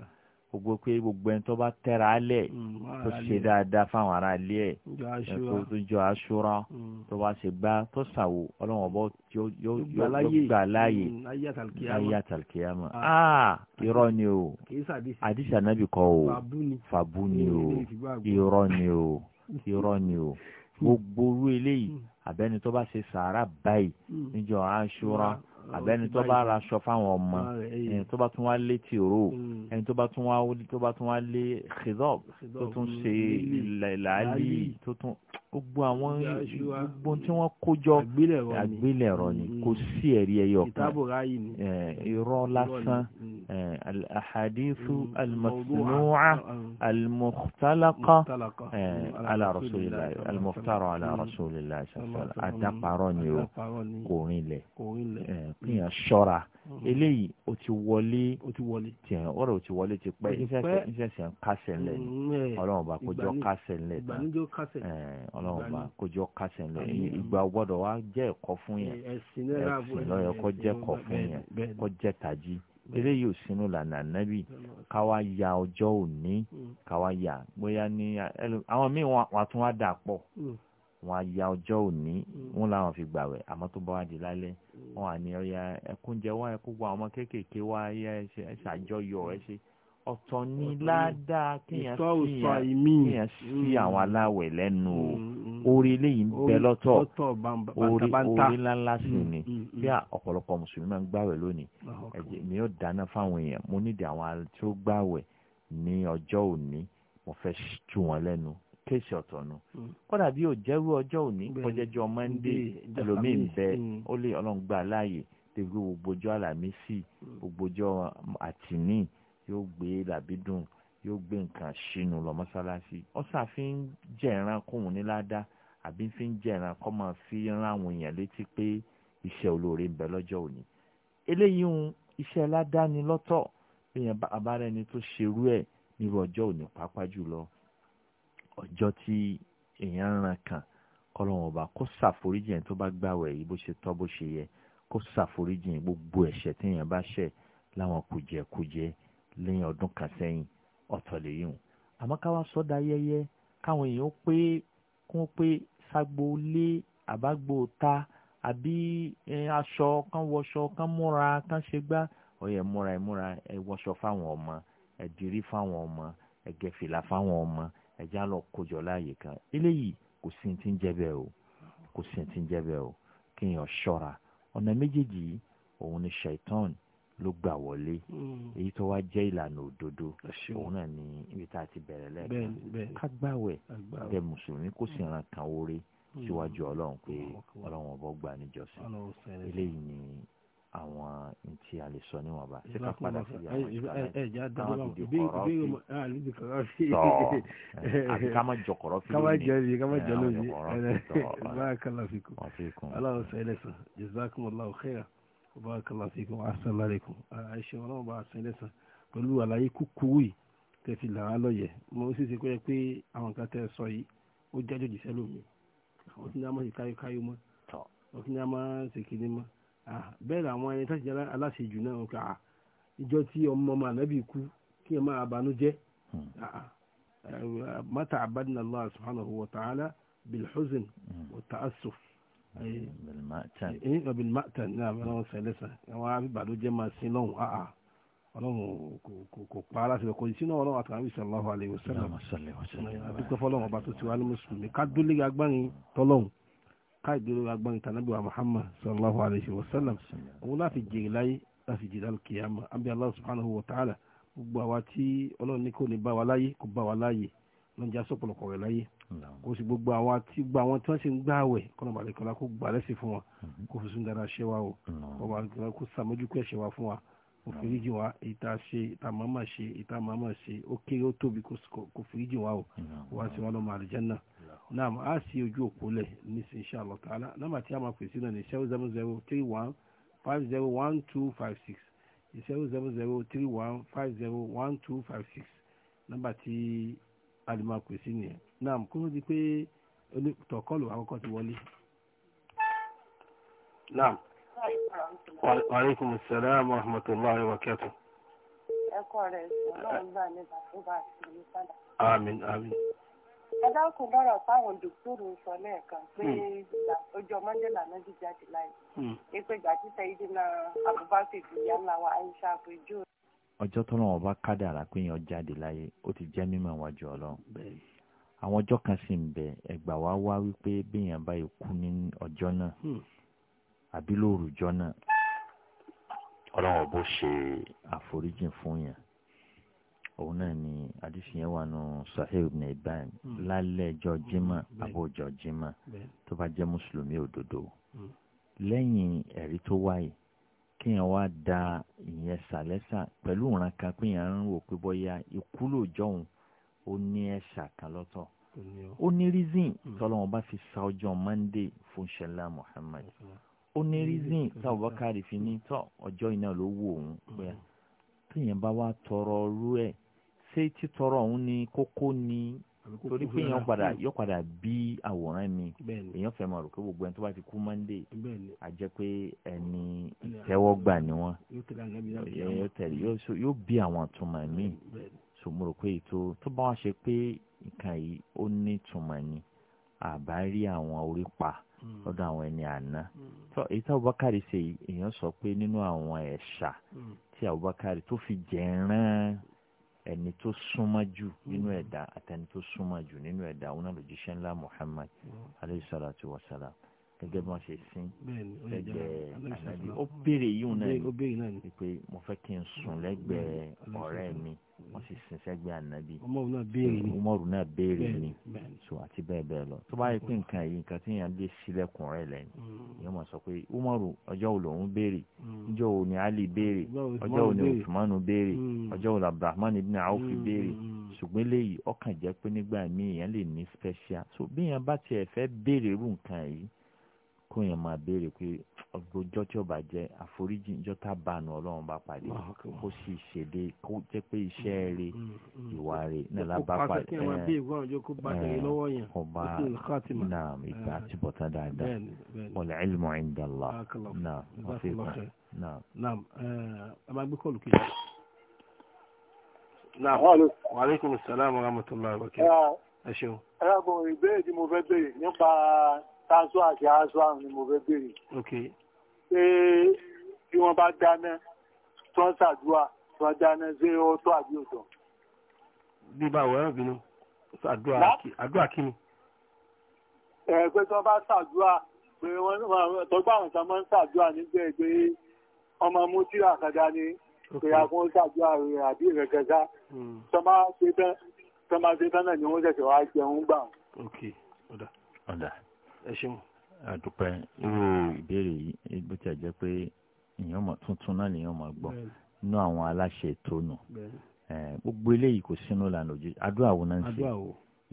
gbogbo pé gbogbo ẹni tó bá tẹ̀ra alẹ̀ mm, tó ṣe dáadáa fáwọn ará ilé ẹ̀ tó tó jọ aṣọra mm. tó bá ṣe gbá tó ṣàwò ọlọ́wọ́n bọ́ yóò gbà láàyè mm, láyé àtàlùkìyàmọ̀ aa ah. ah, irọ́ ni o àdìsí o fàbú ni o irọ́ ni o irọ́ ni o gbogbo orú eléyìí àbẹ́ni tó bá ṣe sàárà báyìí níjọ aṣọra àbẹ́ni tó bá ra aṣọ fáwọn ọmọ ẹni tó bá tún wá lé tìró ẹni tó bá tún wá lé xidob tó tún ṣe làálì tó tún gbogbo àwọn gbogbo tí wọ́n kó jọ àgbélẹ̀rọ ni mm-hmm. kò sí ẹ̀rí ẹyọ kan irọ́ lásán mm-hmm. al-ahadithu mm-hmm. al-masnu'a al-mukhtalaqa ala rasulillah al-mukhtar ala ni o kò rinlẹ̀ kò yàn ṣọ́ra. Mm-hmm. eléyìí o ti wọlé tiẹ̀ ọ̀rọ̀ o ti wọlé ti pẹ́ ìṣẹ̀ṣẹ̀ ń kásẹ̀ ńlẹ̀ ni mm-hmm. eh, ọlọ́run bá kójọ kásẹ̀ ńlẹ̀ tán eh, ọlọ́run bá kójọ kásẹ̀ ńlẹ̀ ìgbà gbọ́dọ̀ wá jẹ́ ẹ̀kọ́ fún eh, yẹn ẹ̀sìn lọ́yọ̀ kọ́ jẹ́ ẹ̀kọ́ fún yẹn kọ́ jẹ́ tají eléyìí ò sínú lànà nábì káwá ya ọjọ́ òní mm. káwá ya bóyá ní àwọn míì wọn àtúnwá dà pọ̀. Mm wọn á ya ọjọ́ òní mm. wọn làwọn fi gbàwẹ̀ àmọ́ tó bá wá di lálẹ́ mm. wọn à ní ọ̀yà ẹkúnjẹ wá ẹkú gba ọmọ kéékèèké wá ẹ ṣàjọyọ̀ ẹ ṣe ọ̀tọ̀ ni ládàá kéèyàn sí mm. àwọn aláwẹ̀ lẹ́nu o orí eléyìí ń bẹ lọ́tọ̀ orí orí ńláńlá sí ni bí ọ̀pọ̀lọpọ̀ mùsùlùmí máa ń gbàwẹ̀ lónìí ah, ẹ̀jẹ̀ mi yóò dáná fáwọn èèyàn mo nídìí àwọn tí ó ní ọjọ́ òní mo fẹ́ tú wọn lẹ́nu kéèsì ọ̀tọ̀ nu mm. kódà bí ò jẹ́rú ọjọ́ òní kọjẹ́jọ́ mọ́ndé ẹlòmíì ń bẹ mm. ó lè ọlọ́run gbà láàyè tẹ̀gbẹ́ gbogbojọ́ àlàmísì mm. gbogbojọ́ àtìní yóò gbé làbídùn yóò gbé nǹkan sínú lọ mọ́sálásí ọ̀sà fi ń jẹ̀ran kóhun ní ládàá àbí fi ń jẹ̀ran kọ́ máa fi rán èèyàn létí pé iṣẹ́ olóore ń bẹ lọ́jọ́ òní eléyìí ń iṣẹ́ ládàá ni lọ́tọ̀ bí yẹn abárẹ́ni tó ṣerú ẹ̀ nírú ọjọ́ òní pàápàá jùlọ ọjọ́ tí èèyàn ń ran kàn kọ́lọ́wọ́n ọba kó ṣàforíjì yẹn tó bá gbàwẹ̀ yìí bó ṣe tọ́ bó ṣe yẹ kó ṣàforíjì yẹn gbogbo ẹ̀ṣẹ̀ tí èèyàn bá ṣẹ̀ láwọn kùjẹkùjẹ lẹ́yìn ọdún kan sẹ́yìn ọ̀tọ̀ lèyí hùn àmọ́ ká wá sọ́dà ayẹyẹ káwọn èèyàn pé kí wọ́n pé ságbo lé àbágbó ta àbí aṣọ kan wọṣọ kan múra kan ṣe gbá ọyẹ múra ẹ múra ẹ wọṣọ fáwọn ọmọ ẹ dirí fáwọn ọmọ ẹ gẹfìlà fáwọn ọmọ ẹja lọ kójọ láàyè kan eléyìí kò sí ti ń jẹ o kò sí ti ń jẹ o kéèyàn ṣọ́ra ọ̀nà méjèèjì òun ni shaitan ló gbà wọlé hmm. èyí tó wá jẹ́ ìlànà òdodo òun náà ni ibi tá a ti bẹ̀rẹ̀ lẹ́ẹ̀kan ká gbàwẹ̀ bẹ mùsùlùmí kó sì ran kan oore hmm. síwájú ọlọ́run pé ọlọ́run ọba gbà níjọ́sìn eléyìí ni àwọn ntí a lè sọ níwọ̀nba ṣé ká padà sí àwọn ìkànnì àwọn ìdí kọ̀rọ̀ fi tọ̀ (laughs) àbí ká má jọ kọ̀rọ̀ fi lónìí ká má jọ lónìí bárakàlá fíkún aláwọ̀ sẹ́lẹ̀ sàn jazakumullahu khaira bárakàlá fíkún assalamu alaikum àìṣe ọlọ́run bá sẹ́lẹ̀ sàn pẹ̀lú àlàyé kúkúrú yìí tẹ̀sí làwọn lọ́yẹ̀ mo sì ṣe pé pé àwọn kan tẹ́ sọ yìí ó jájọ́ jìṣẹ́ lómi àwọn tí ní a máa ṣe káyọ́káyọ́ mọ́ àwọn tí ní a máa ṣe Ah, bẹ́ẹ̀ làwọn ẹni tó ti jẹ́ aláṣejù náà ń kà á ah, ìjọ tí ọmọ ọmọ ànábì kú kí ẹ máa hmm. ah, eh, mata abadina allah subhanahu wa ta'ala bilhuzn wa ta'assuf hmm. eh, bilmatan náà wọn sẹlẹsẹ wọn á máa sin káàdúró agbọ́n ìtànàbíwá muhammad sallallahu alayhi wa sallam òun láti jèrè láyé láti jèrè alkiyama àbí allah subhanahu wa ta'ala gbogbo àwa tí ọlọ́run ní kò ní bá wa láyé kò bá wa láyé lọ́njẹ́ asọ́pọ̀lọpọ̀ rẹ̀ láyé kò sì gbogbo àwọn tí gba àwọn tí wọ́n sì ń gbà wẹ̀ kọ́nà balẹ̀kọ́lá kó gbà lẹ́sìn fún wa mhm. kó fi sún dáadáa ṣẹ́wà o kọ́nà balẹ̀kọ́lá kó sàmójúkú ẹ̀ṣẹ̀ wa fún wa òfìríjì wa ìta ṣe ìta màmá ṣe ìta màmá ṣe ó kéré ó tóbi kò fìríjì wa o wá sí wọn lọ máa rìjẹ́ náà náà a sì ojú òpó lẹ̀ ní sí insha Allah ta'ala nọ́mbà tí a máa pèsè náà ní seven zero zero three one five zero one two five six zero zero zero three one five zero one two five six nọ́mbà tí a lè máa pèsè nìyẹn náà kúrò di pé tọ̀kọ́lù àkọ́kọ́ ti wọlé. náà. Wa alaikum assalam wa rahmatullahi wa barakatuh. Ẹ̀kọ́ rẹ̀ ìṣòro náà ń gbà nígbà tó bá ti ní sádà. Àmín àmín. Ẹ dákun lọ́rọ̀ táwọn dòkítọ́rù ń sọ lẹ́ẹ̀kan pé hmm. ọjọ́ Mọ́ndélà hmm. náà ti jáde láì. Ipe ìgbà títẹ ìdí náà Abubakar ìdíyà ńlá wa Aisha àpéjú. Ọjọ́ tọ́nà ọba àwọn ọjọ́ kan sì ń bẹ ẹgbà wá wá wípé béèyàn báyìí kú ní ọjọ́ náà hmm. àbí lóòrùjọ́ náà ọlọ́run bó ṣe àforíjì fún yàn òun náà ni àdìsí yẹn wà nù Sahih ibn Hibban hmm. lálẹ́ hmm. Hmm. ọjọ́ jimá abọ́jọ́ jimá tó bá jẹ́ mùsùlùmí òdodo lẹ́yìn ẹ̀rí tó wáyé kéèyàn wá da ìyẹn sàlẹ́sà pẹ̀lú ìran kan pé yẹn ń rò pé bóyá ikú lòjọ́ òun ó ní ẹ̀ṣà kan lọ́tọ̀ ó ní rízìn tọ́lọ́wọ́n bá fi sa ọjọ́ Monday fún ṣẹlá Muhammad. Mm -hmm ó ní reason táwọn bọ́kárì fi ní tọ́ ọjọ́ iná ló wù òun pé mm-hmm. téèyàn bá wá tọrọ rú ẹ̀ ṣé títọrọ òun ni kókó ni torí pé èèyàn padà hmm. yóò padà bí àwòrán mi èèyàn fẹ́ máa rò pé gbogbo ẹni tó bá ti kú mọ́ndé a jẹ́ pé ẹni ìtẹ́wọ́gbà ni wọ́n yóò bí àwọn àtúmọ̀ mi sòmù rò pé ètò tó bá wá ṣe pé nǹkan yìí ó ní ìtumọ̀ ni àbá rí àwọn orí pa. Hmm. lọ́dọ̀ àwọn ẹni àná tó hmm. èyí tí Abubakar ṣe èèyàn sọ pé nínú àwọn ẹ̀ṣà hmm. tí Abubakar tó fi jẹ̀rán ẹni tó súnmọ́ jù nínú ẹ̀dá àtẹni tó súnmọ́ jù nínú ẹ̀dá àwọn náà lòjíṣẹ́ ńlá Muhammad alayhi salatu wa salam gẹ́gẹ́ bí wọ́n ṣe sin lẹ́gbẹ̀ẹ́ ànábi ó béèrè yíyún náà ni pé mo fẹ́ kí n sùn lẹ́gbẹ̀ẹ́ ọ̀rẹ́ mi wọ́n sì sin sẹ́gbẹ̀ẹ́ ànábi umaru náà béèrè ni so àti bẹ́ẹ̀ bẹ́ẹ̀ lọ tó bá yẹ pé nǹkan yìí nǹkan tí yẹn lè sílẹ̀kùn rẹ̀ lẹ́nu hmm. yẹn mọ̀ sọ pé umaru ọjọ́ wo lòun béèrè hmm. ọjọ́ wo ni ali béèrè hmm. ọjọ́ wo ni usmanu béèrè ọjọ́ wo ni abdulrahman ibn awf béèrè ṣùgbọ́n eléyìí ọkàn jẹ́ pé nígbà míì yẹn lè ní special so bí yẹn bá tiẹ̀ fẹ́ béèrè irú nǹkan yìí kóyàn máa béèrè pé ọjọ́ tí ọba jẹ́ àforíjì ìjọ tá a bá nu ọlọ́run bá pàdé kó sì ṣèdè kó jẹ́ pé iṣẹ́ mm, rẹ mm, mm. ìwà rẹ náà lábá pàdé ẹ ẹ ọba náà ìgbà àti bọ̀tán dáadáa wọlé ilmu inda Allah náà wọ́n fi kàn náà. ẹ máa gbé kọ́ọ̀lù kejì. naam wa aleykum wa rahmatullahi ah. ẹ ṣeun. ẹ táṣọ àti aṣọ àrùn ni mo fẹ́ béèrè. ṣé bí wọ́n bá dáná tí wọ́n ṣàdúrà tí wọ́n dáná ṣé ó tọ́ àbí òtọ́. bí báwo ẹ̀rọ bínú àdúrà kí ni. ẹ pé tí wọ́n bá ṣàdúrà pé wọ́n tọ́gbà àwọn kan máa ń ṣàdúrà nígbà pé ọmọ mú tíra kàdá ni pé àwọn ṣàdúrà rẹ àbí ìrẹ̀kẹ̀ká hmm. tí wọ́n bá ṣe tán tí wọ́n bá ṣe tán náà ni wọ́n ṣẹ̀ṣẹ̀ wá jẹun gbà. ok ọ̀dà. Okay ẹ ṣeun. àdùpẹ́ irú ìbéèrè yìí bó tiẹ̀ jẹ́ pé èèyàn mọ̀ tuntun náà lèèyàn mọ̀ gbọ́ nínú àwọn aláṣẹ ìtọ́nù gbogbo eléyìí kò sínú lànà òjijì àdúrà wo náà ń ṣe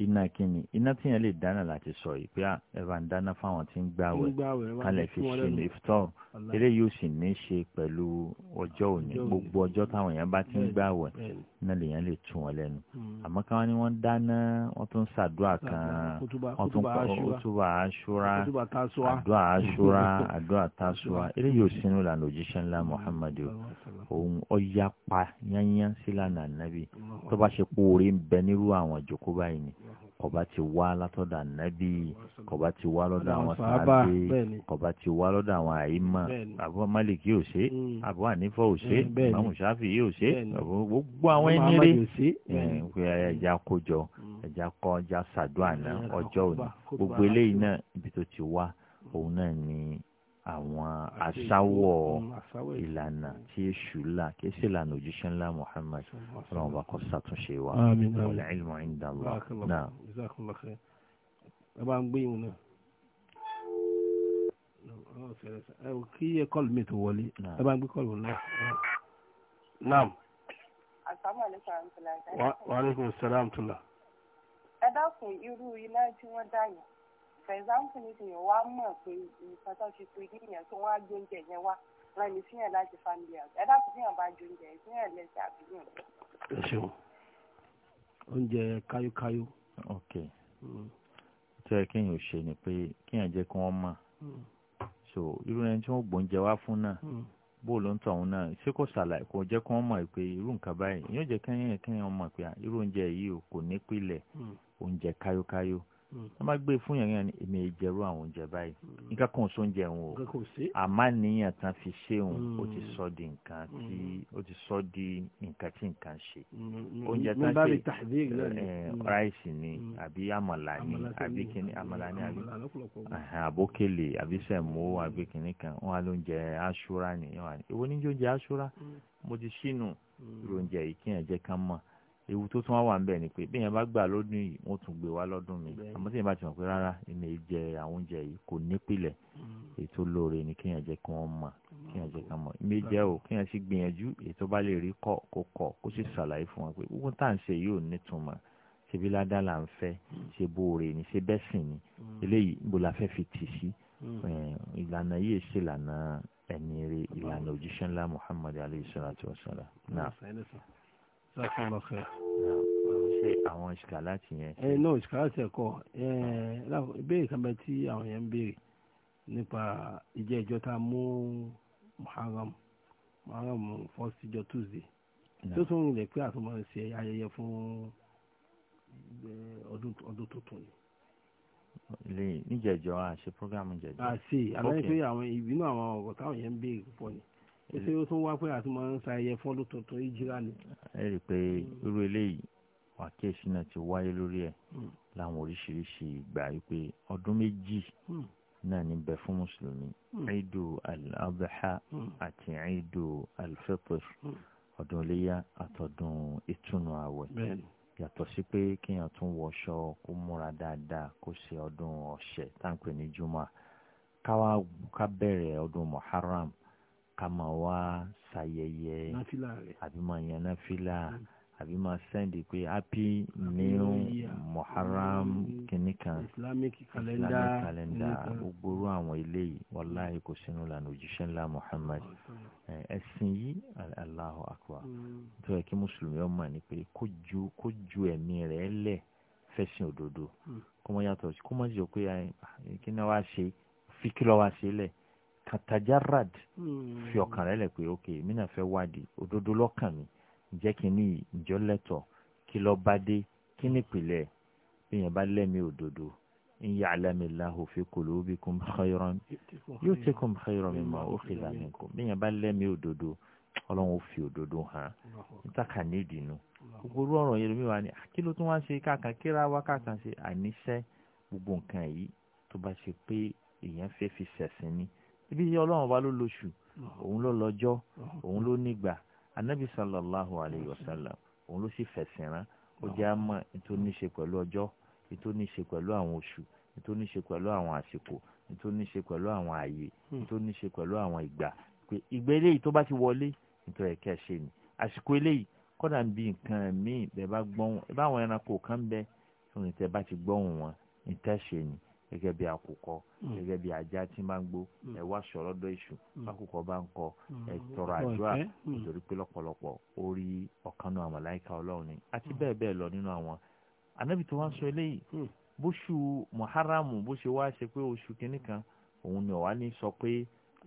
iná kínni iná tí yẹn lè dáná láti sọ yìí pé ẹ̀fà ń dáná fáwọn tí ń gbàwẹ̀ kálẹ̀ fi ṣe ìfitọ́ eré yóò sì ní í ṣe pẹ̀lú ọjọ́ òní gbogbo ọjọ́ táwọn yẹn bá ti ń gbàwẹ̀ náà lèèyàn lè tún wọn lẹ́nu hmm. àmọ́ káwọn ni wọ́n dáná wọ́n tún ṣàdúrà kan wọ́n tún pa òtúbà aṣúra àdúrà aṣúra (laughs) àdúrà tásúra eléyìí ò sínú ìlànà òjíṣẹ́ ńlá hmm. muhammadu òun ọ̀yà pa yányán sílànà nàbì tó bá ṣe pé oore ń bẹ nírú àwọn ìjókòó báyìí ni kọba ti wá látọ̀dọ̀ ànábì kọba ti wá lọ́dọ̀ àwọn sàábé kọba ti wá lọ́dọ̀ àwọn àyímà àbúrò málìkì ò ṣe hmm. àbúrò ànífọ̀ ò ṣe hmm, àmọ́ ṣáfì yìí ò ṣe gbogbo àwọn ẹni rí ẹja hmm, kójọ ẹja kọ ẹja sàdúrà náà ọjọ́ òní gbogbo eléyìí náà ibi tó ti wá òun náà ni àwọn asáwọ̀ ìlànà tí èṣù là kí èsì ìlànà òjíṣẹ́ ńlá Muhammad ọlọ́run bá kọ́ sàtúnṣe wa wal ilmu inda Allah náà. ẹ bá ń gbé ìwọ̀n náà kí ẹ kọ́ọ̀lù mi tó wọlé ẹ bá ń gbé kọ́ọ̀lù náà. naam. wa aleykum salaam tula. ẹ dákun irú iná tí wọ́n dá yẹn for example ní ìsìn wa mọ̀ pé nǹkan tó ti pe níyàn tó wá gbé oúnjẹ yẹn wá wọn ni síyàn láti family house ẹ dákun síyàn bá ju oúnjẹ yẹn síyàn lẹsẹ àbíyàn. ẹ ṣeun oúnjẹ káyókáyó. ok mm. tí ẹ kéèyàn ò ṣe ni pé kéèyàn jẹ́ kí wọ́n mọ̀ mm. so irú ẹni tí wọ́n gbóúnjẹ wá fún náà mm. bóòlù ló ń tọ̀ ọ̀hún náà ṣé kò ṣàlàyé kò jẹ́ kí wọ́n mọ̀ pé irú nǹkan báyìí yóò jẹ́ kéèyàn kéèyàn mọ̀ pé ah, irú oúnjẹ yìí kò nípìlẹ̀ oúnjẹ káyókáyó. Hmm. wọ́n bá gbé fún yẹn ní èmi ìjẹ̀rú àwọn oúnjẹ báyìí hmm. nǹkan kan sọ oúnjẹ òun o àmọ́ níyàn tán fi ṣe òun ó ti hmm. sọ di nǹkan tí ó ti sọ di nǹkan tí nǹkan ṣe oúnjẹ tán ṣe ráìsì eh, ni àbí àmàlà ni àbí kíní àmàlà ni àbí àbókèlè àbí sẹ̀mó àbí kíní kan wọ́n á lóúnjẹ aṣúra ni ìwọ níjó oúnjẹ aṣúra mo ti ṣínú ìròǹjẹ yìí jẹ́ ká mọ̀ ewu tó tún wá wà níbẹ̀ ni pé bí èèyàn bá gbà lọ́dún yìí wọ́n tún gbé wá lọ́dún mi àmọ́ tí bá ti mọ̀ pé rárá èmi ẹ àwọn oúnjẹ yìí kò nípìlẹ̀ mm. ètò lóore ni kéèyàn jẹ́ kí wọ́n mọ̀ kéèyàn jẹ́ kí wọ́n mọ̀ èmi jẹ́ o kéèyàn sì gbìyànjú ètò bá lè rí kọ́ kó kọ́ kó sì ṣàlàyé fún wọn pé gbogbo tá à ń ṣe yìí ò nítumọ̀ ṣebí ládàá là ń fẹ́ mm. ṣe bóore ni ṣe bẹ́sìn ni mm. eléyìí níbo la fẹ́ fi tì sí ìlànà Muhammad alayhi salatu wa salam lọ́kùnrin ọ̀fẹ́. ṣé àwọn ìṣìkà láti yẹn. ẹ náà ìṣìkà láti ẹ̀kọ́ ìbéèrè kan bẹ tí àwọn yẹn ń béèrè nípa ìjẹ́ ìjọ tá a mú muharram muharram first ìjọ tuesday tó tún rìn lẹ pé àtúmọ̀ ṣe ayẹyẹ fún ọdún tuntun ni lè níjẹjọ àṣẹ programu jẹjọ. àṣe àlàyé pé àwọn ìbínú àwọn ọ̀gọ̀ táwọn yẹn ń béèrè púpọ̀ ni ṣé ó tún wá pé àti máa ń sa ẹyẹ fọ́lù tuntun ìjìrà ni. ẹ rí i pé hmm. irú eléyìí wàkíyèsí náà ti wáyé lórí ẹ hmm. láwọn oríṣiríṣi ìgbà wípé ọdún méjì hmm. náà ní bẹ fún mùsùlùmí idu al àti idu al ọdún iléyà àtọdún ìtúnu àwẹ̀ yàtọ̀ sí pé kéèyàn tún wọṣọ kó múra dáadáa kó ṣe ọdún ọ̀sẹ̀ táǹpẹ̀ ní juma káwá ká bẹ̀rẹ̀ ọdún muharram Kama wa wá ṣayẹyẹ àbí máa yan náfìlà àbí máa sẹ́ndì pé happy new muharram kìnnìkan islamic calendar gbogbo àwọn eléyìí wàláhì kò sínú lànà òjíṣẹ́ ńlá muhammad ẹ̀sìn yìí allahu akbar mm. tó yẹ kí mùsùlùmí ọmọ ni pé kó ju kó ju ẹ̀mí rẹ̀ lẹ̀ fẹ̀sìn òdodo mm. kó yàtọ̀ kó jẹ́ pé kí ni wàá ṣe fi wàá ṣe lẹ̀ katajarad hmm. fi ọkàn rẹ lẹ pé ok mi náà fẹ́ wádìí òdodo lọ́kàn mi jẹ́ kí ní ìjọ́lẹ̀tọ̀ kí lọ́ọ́ bá dé kí nípìnlẹ̀ bíyẹn bá lẹ́mìí òdodo in ya'lamillahu fi qulubikum khayran yu'tikum khayran mimma ukhidha minkum bíyẹn bá lẹ́mìí òdodo ọlọ́run ó fi òdodo hàn nítaka nídìí nu gbogbo ọ̀rọ̀ yẹn lómi wà ní ah, kí ló tún wá ṣe káàkan kíra wá káàkan ṣe àníṣe gbogbo nǹkan yìí tó bá ṣe pé èèyàn fẹ́ fi ṣẹ̀sìn ni ibi yẹn ọlọ́run ọba ló lóṣù mm-hmm. òun ló lọ́jọ́ mm-hmm. òun ló nígbà anabi sallallahu alayhi wa sallam òun ló sì fẹ̀sìn rán ó jẹ́ àmọ́ ètò níṣe pẹ̀lú ọjọ́ ètò níṣe pẹ̀lú àwọn oṣù ètò níṣe pẹ̀lú àwọn àsìkò ètò níṣe pẹ̀lú àwọn ààyè ètò níṣe pẹ̀lú àwọn ìgbà pé ìgbà eléyìí tó bá ti wọlé nítorí ẹ̀kẹ́ ṣe ni àsìkò eléyìí kọ́dà ń bi nǹkan míì bẹ́ẹ̀ bá gbọ́n báwọn ẹranko kan bẹ́ẹ̀ nítorí tẹ́ bá ti gbọ́n wọn ní ṣe ni gẹ́gẹ́ bí àkùkọ hmm. gẹ́gẹ́ bí ajá tí máa ń gbó hmm. ẹ wá sọ̀rọ̀ dọ iṣu àkùkọ bá ń kọ hmm. ẹ tọrọ àdúrà nítorí pé lọ́pọ̀lọpọ̀ ó rí ọ̀kan náà màláíkà Ọlọ́run ni àti bẹ́ẹ̀ bẹ́ẹ̀ lọ nínú àwọn anábì tó wá ń sọ eléyìí bóṣù muharamu bó ṣe wá ṣe pé oṣù kínní kan òun ni ọ̀wá ní sọ pé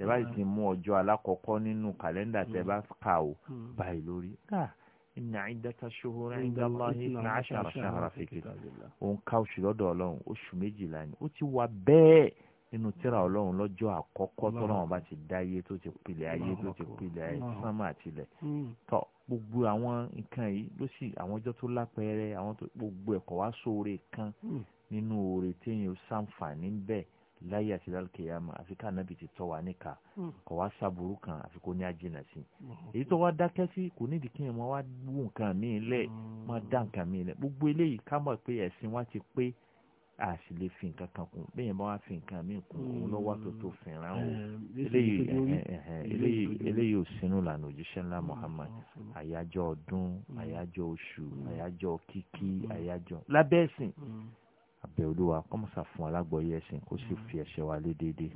ẹ bá ti mú ọjọ́ alákọ̀ọ́kọ́ nínú kàlẹ́ndà tẹ bá kà ó báyìí lórí káà inna iddata shuhuri inda Allahi ìtàn àṣàrà ṣàhàrà fi kitab òun ká oṣù lọ́dọ̀ ọlọ́run oṣù méjìlá ni ó ti wà bẹ́ẹ̀ nínú tíra ọlọ́run lọ́jọ́ àkọ́kọ́ tọ́lá wọn bá ti dá ayé tó ti pilẹ̀ ayé tó ti pilẹ̀ ayé sánmà àtìlẹ̀ hmm. tọ́ gbogbo àwọn nǹkan yìí ló sì àwọn ọjọ́ tó lápẹẹrẹ àwọn tó gbogbo ẹ̀kọ́ wá sóore kan hmm. nínú oore téèyàn ṣàǹfààní bẹ́ẹ̀ láyé àti lálùkìyàmà àfi ká ànábì ti tọ́ wa níka hmm. kò wá sábúrú kan àfi kò ní àjìnà sí hmm. èyí tó wá dákẹ́ sí kò nídìí kí ẹ̀ máa wá wù nǹkan míì lẹ̀ hmm. máa dá nǹkan míì lẹ̀ gbogbo eléyìí ká mọ̀ pé ẹ̀sìn wa ti pé a sì lè fi nǹkan kan kún bẹ́ẹ̀ bá wá fi nǹkan míì kún òun ló wá tó tó fìràn eh, o eh, eh, eléyìí ò sínú lànà òjíṣẹ́ ńlá Muhammad àyájọ́ ọdún àyájọ́ oṣù àyájọ́ kíkí àyájọ́ lábẹ́ ẹ̀sìn abẹ́ olúwa kọ́mọ́sà fún alágbọ̀yé ẹ̀sìn kó sì fi ẹ̀ṣẹ̀ wa lé déédéé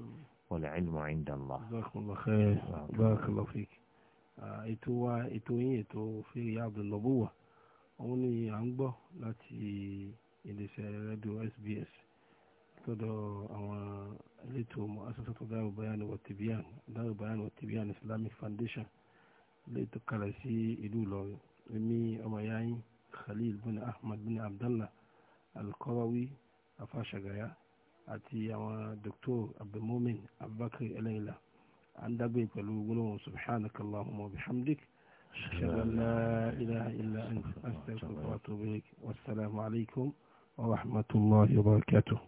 wal ilmu inda Allah. barakallahu fik ètò wa ètò yín ètò fèrè Abdul-Nubuwah òun ni à ń gbọ́ láti iléeṣẹ́ rédíò SBS tọ́dọ̀ àwọn elétò asọ́sọ́tò Darul Bayan wa Tibiyan Darul Bayan wa Tibiyan Islamic Foundation létò kalẹ̀ sí ìlú Ìlọrin èmi ọmọ yáyín Khalil bin Ahmad bin Abdallah al afasha gaya àti àwọn doktor abdulmumin abubakar eléyìlá à ń dágbé pẹ̀lú gbólóhùn subhanaka allahumma wa bihamdik ashhadu ila la ilaha illa anta astaghfiruka wa atubu ilaik wassalamu alaikum wa rahmatullahi wa barakatuh.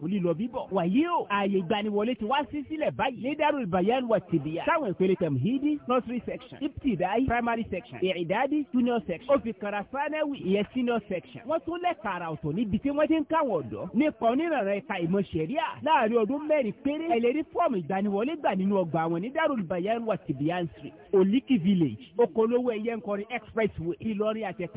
kú lílọ bíbọ̀. wàyí o ààyè ìgbaniwọlé ti wá sí sílẹ̀ báyìí. ní Darul Bayan wa Tibiya. táwọn ìpele tamhidi nursery section ibtidai primary section ìrìdádi junior section. ó fi kara sanawi ìyẹn senior section. wọ́n tún lẹ̀ kàrà ọ̀tọ̀ níbi tí wọ́n ti ń káwọn ọ̀dọ́. nípa onírànràn ẹ̀ka ìmọ̀ ṣẹ̀ríà láàrin ọdún mẹ́rin péré. ẹlẹ́rí fọ́ọ̀mù ìgbaniwọlé gbà nínú ọgbà àwọn ní Darul Bayan wa Tibiyan street oliki village okolowó ẹ̀yẹ nkọrin expressway Ìlọrin àtẹ̀k